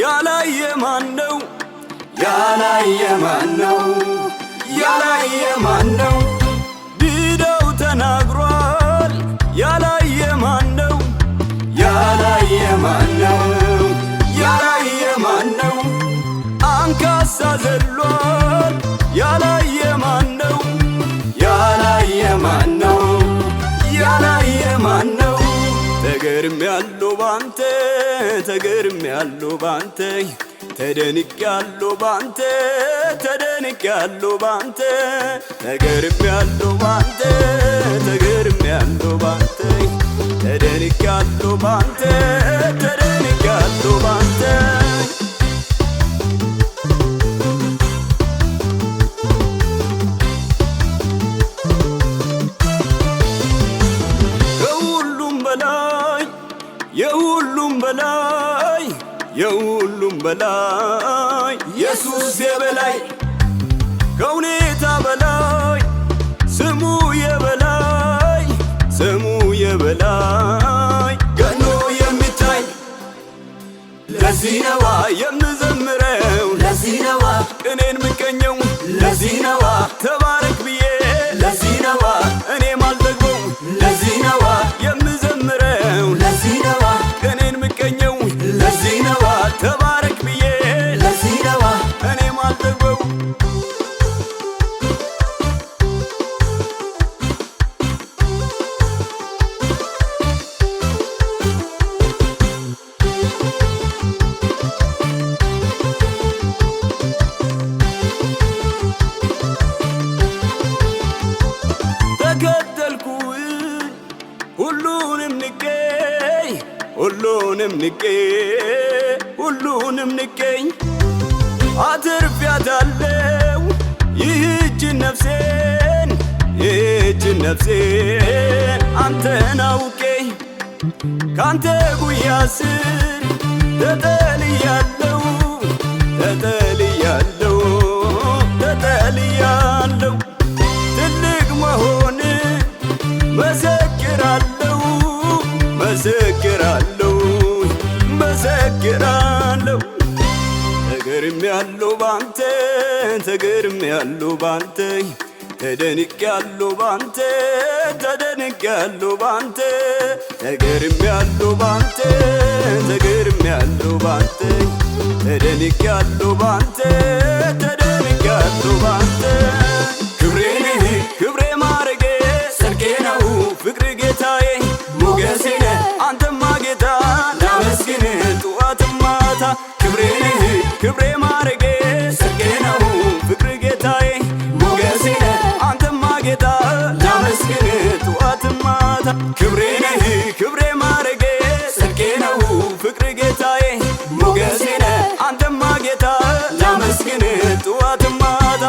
ያላየ ማን ነው? ያላየ ማን ነው? ያላየ ማን ነው? ዲዳው ተናግሯል። ያላየ ማን ነው? ያላየ ማን ነው? ያላየ ማን ነው? አንካሳ ዘሏል። ያላየ ማን ነው? ያላየ ማን ነው? ያላየ ማን ነው? ተገርም ያለው ባንተ ተገርም ያሉ ባንተ ተደንቅ ያሉ ባንተ ተደንቅ ያሉ ባንተ ተገርም ያሉ ባንተ ተገርም ያሉ ባንተ ተደንቅ ያሉ ባንተ የሁሉም በላይ የሁሉም በላይ ኢየሱስ የበላይ ከሁኔታ በላይ ስሙ የበላይ ስሙ የበላይ ገኖ የሚታይ ለዚህ ነዋ የምዘምረው ለዚህ ነዋ ቅኔን ምቀኘው ለዚህ ነዋ ሁሉንም ንቄ ሁሉንም ንቄ ሁሉንም ንቄኝ አትርፊያታለው ይህችን ነፍሴን ይህችን ነፍሴን አንተናው ካንተ ጉያ ስር ተጠልያለው ተጠልያለው ተጠልያለው ትልቅ መሆን መሰክራለው መሰክራለው መሰክራለው ተገርሜያለው ባንተ ተገርሜያለው ባንተ ተደንቄያለሁ ባንተ ተደንቄያለሁ ባንተ ተገርሜያለሁ ባንተ ተገርሜያለሁ ባንተ ተደንቄያለሁ ባንተ ተደንቄያለሁ ባንተ ክብሬ ነህ ክብሬ ማረጌ ሰርጌ ነው ፍቅር ጌታዬ ሞገሴ ነህ አንተማ ጌታ ላመስግንህ ጥዋት ማታ ክብሬ ነህ ክብሬ ማረጌ ጌታ ክብሬ ነህ ክብሬ ማረጌ ጽድቄ ነው ፍቅር ጌታዬ ሞገሴ ነህ አንተማ ጌታ ላመስግንህ ጥዋትማታ